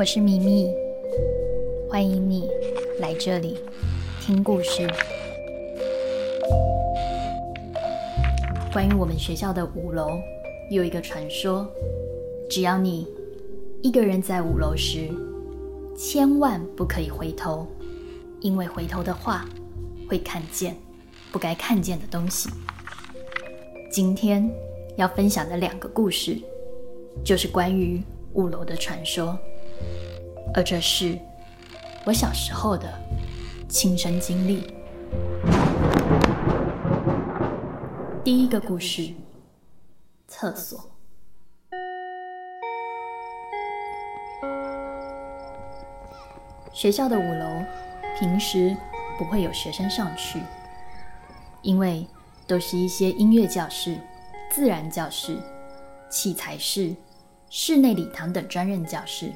我是米米，歡迎你來這裡聽故事。關於我們學校的五樓，有一個傳說：只要你一個人在五樓時，千萬不可以回頭，因為回頭的話，會看見不該看見的東西。今天要分享的兩個故事，就是關於五樓的傳說。而這是我小時候的親身經歷。第一個故事：廁所。學校的五樓平時不會有學生上去，因為都是一些音樂教室、自然教室、器材室、室內禮堂等專任教室。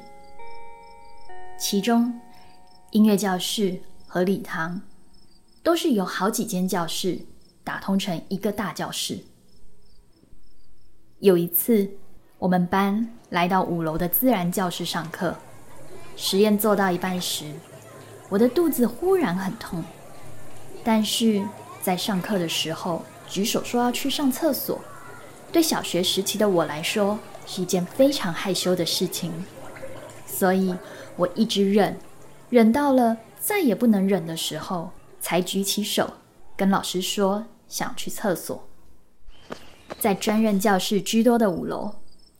其中，音樂教室和禮堂都是由好幾間教室打通成一個大教室。有一次，我們班來到五樓的自然教室上課，實驗做到一半時，我的肚子忽然很痛。但是在上課的時候，舉手說要去上廁所，對小學時期的我來說是一件非常害羞的事情。所以，我一直忍，忍到了再也不能忍的時候，才舉起手跟老師說想去廁所。在專任教室居多的五樓，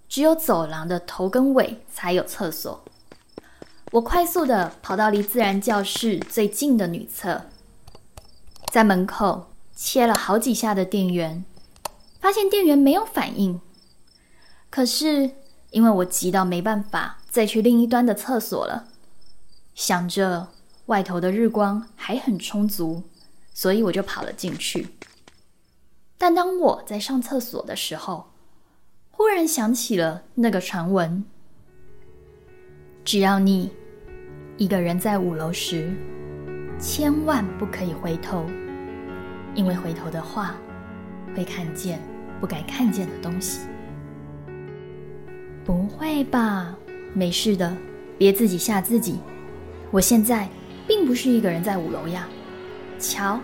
只有走廊的頭跟尾才有廁所。我快速地跑到離自然教室最近的女廁，在門口切了好幾下的電源，發現電源沒有反應。可是，因為我急到沒辦法。再去另一端的廁所了。想着外頭的日光還很充足，所以我就跑了進去。但當我在上廁所的時候，忽然想起了那個傳聞：只要你一個人在五樓時，千萬不可以回頭，因為回頭的話會看見不該看見的東西。不會吧？沒事的，別自己嚇自己。我現在並不是一個人在五樓呀，瞧，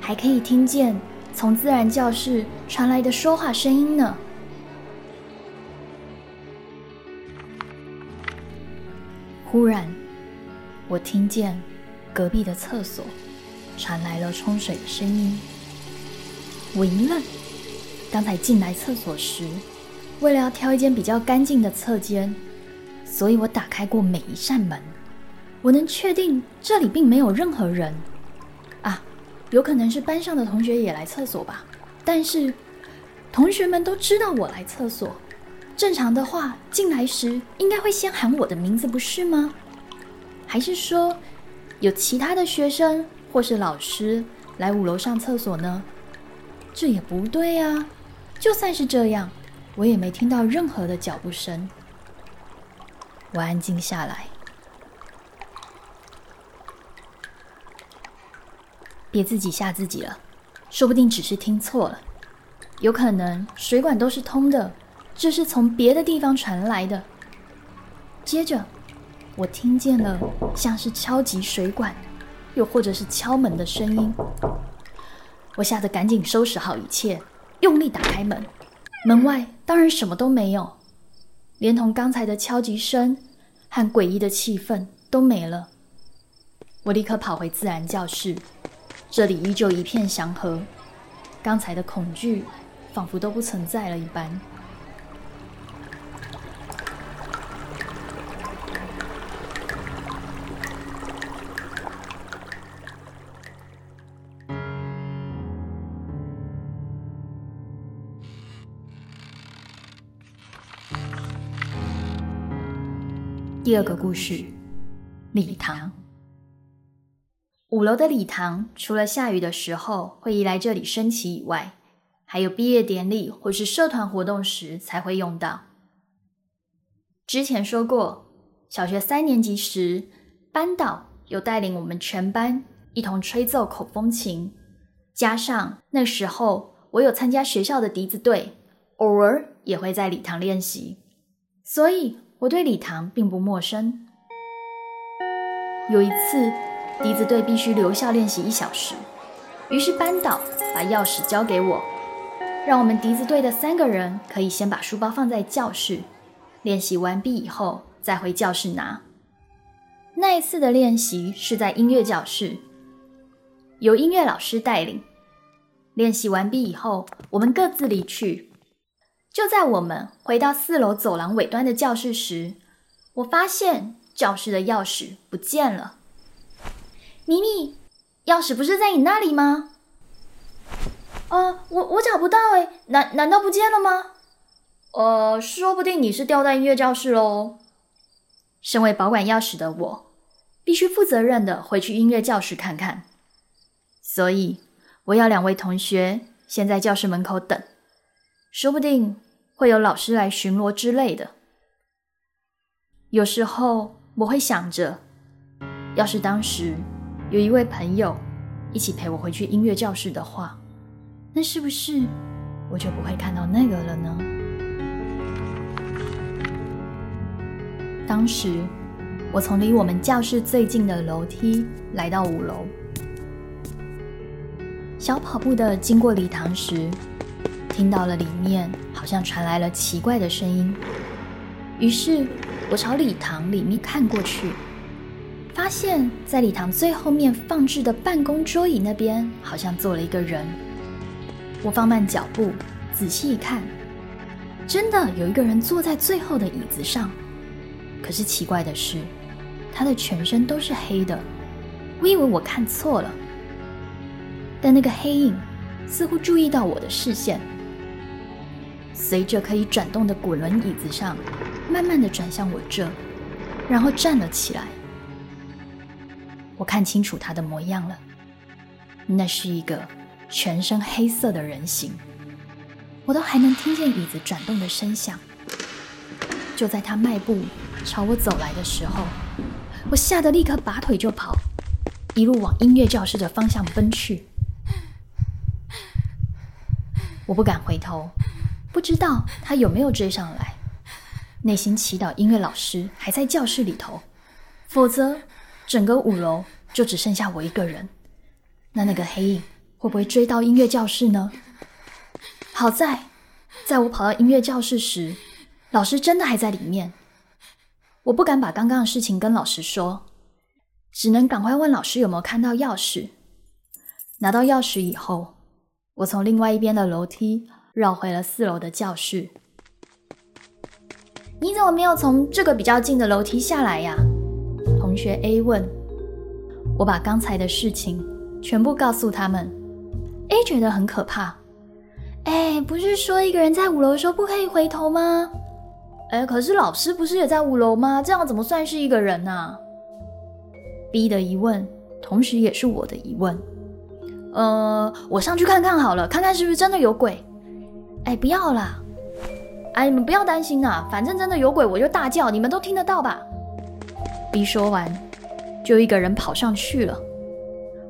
還可以聽見從自然教室傳來的說話聲音呢。忽然，我聽見隔壁的廁所傳來了沖水的聲音。我一愣，剛才進來廁所時，為了要挑一間比較乾淨的廁間。所以我打開過每一扇門，我能確定這裡並沒有任何人。啊，有可能是班上的同學也來廁所吧？但是同學們都知道我來廁所，正常的話進來時應該會先喊我的名字，不是嗎？還是說有其他的學生或是老師來五樓上廁所呢？這也不對啊。就算是這樣，我也沒聽到任何的腳步聲。我安靜下來，別自己嚇自己了，說不定只是聽錯了，有可能水管都是通的，這是從別的地方傳來的。接着，我聽見了像是敲擊水管，又或者是敲門的聲音，我嚇得趕緊收拾好一切，用力打開門，門外當然什麼都沒有。連同剛才的敲擊聲和詭異的氣氛都沒了，我立刻跑回自然教室，這裡依舊一片祥和，剛才的恐懼仿佛都不存在了一般。第二個故事，禮堂。五樓的禮堂除了下雨的時候會移來這裡升旗以外，還有畢業典禮或是社團活動時才會用到。之前說過，小學三年級時，班導有帶領我們全班一同吹奏口風琴，加上那時候我有參加學校的笛子隊，偶爾也會在禮堂練習，所以，我對禮堂並不陌生。有一次，笛子隊必須留校練習一小時，於是班導把鑰匙交給我，讓我們笛子隊的三個人可以先把書包放在教室，練習完畢以後再回教室拿。那一次的練習是在音樂教室，由音樂老師帶領。練習完畢以後，我們各自離去。就在我們回到四樓走廊尾端的教室時，我發現教室的鑰匙不見了。米米，鑰匙不是在你那裡嗎？哦、呃，我我找不到誒、欸，難難道不見了嗎？呃，說不定你是掉在音樂教室嘍。身為保管鑰匙的我，必須負責任的回去音樂教室看看。所以，我要兩位同學先在教室門口等，說不定。會有老師來巡邏之類的。有時候我會想着，要是當時有一位朋友一起陪我回去音樂教室的話，那是不是我就不會看到那個了呢？當時我從離我們教室最近的樓梯來到五樓，小跑步的經過禮堂時。聽到了，裡面好像傳來了奇怪的聲音。於是我朝禮堂裡面看過去，發現在禮堂最後面放置的辦公桌椅那邊，好像坐了一個人。我放慢腳步，仔細一看，真的有一個人坐在最後的椅子上。可是奇怪的是，他的全身都是黑的。我以為我看錯了，但那個黑影似乎注意到我的視線。隨着可以轉動的滾輪椅子上，慢慢地轉向我這，然後站了起來。我看清楚他的模樣了，那是一個全身黑色的人形。我都還能聽見椅子轉動的聲響。就在他邁步朝我走來的時候，我嚇得立刻拔腿就跑，一路往音樂教室的方向奔去。 我不敢回頭。不知道他有沒有追上來，內心祈禱音樂老師還在教室裡頭，否則整個五樓就只剩下我一個人。那那個黑影會不會追到音樂教室呢？好在，在我跑到音樂教室時，老師真的還在裡面。我不敢把剛剛的事情跟老師說，只能趕快問老師有沒有看到鑰匙。拿到鑰匙以後，我從另外一邊的樓梯，繞回了四樓的教室，你怎麼沒有從這個比較近的樓梯下來呀？同學 A 問。我把剛才的事情全部告訴他們。A 覺得很可怕。哎，不是說一個人在五樓的時候不可以回頭嗎？哎，可是老師不是也在五樓嗎？這樣怎麼算是一個人呢？B 的疑問，同時也是我的疑問。呃，我上去看看好了，看看是不是真的有鬼。哎，不要啦！哎，你們不要擔心啊，反正真的有鬼，我就大叫，你們都聽得到吧？B 說完，就一個人跑上去了。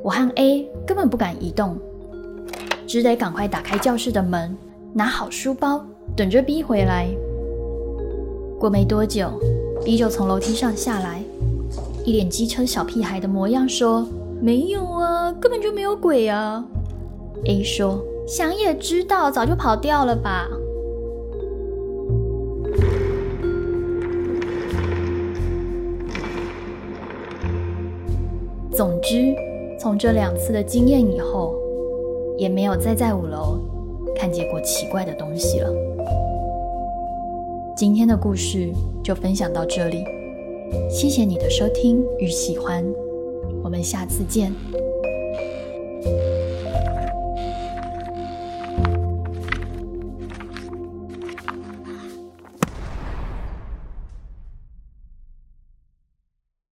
我和 A 根本不敢移動，只得趕快打開教室的門，拿好書包，等着 B 回來。過沒多久，B 就從樓梯上下來，一臉機車小屁孩的模樣，說：“沒有啊，根本就沒有鬼啊。”A 說。想也知道，早就跑掉了吧。總之，從這兩次的經驗以後，也沒有再在五樓看見過奇怪的東西了。今天的故事就分享到這裡，謝謝你的收聽與喜歡，我們下次見。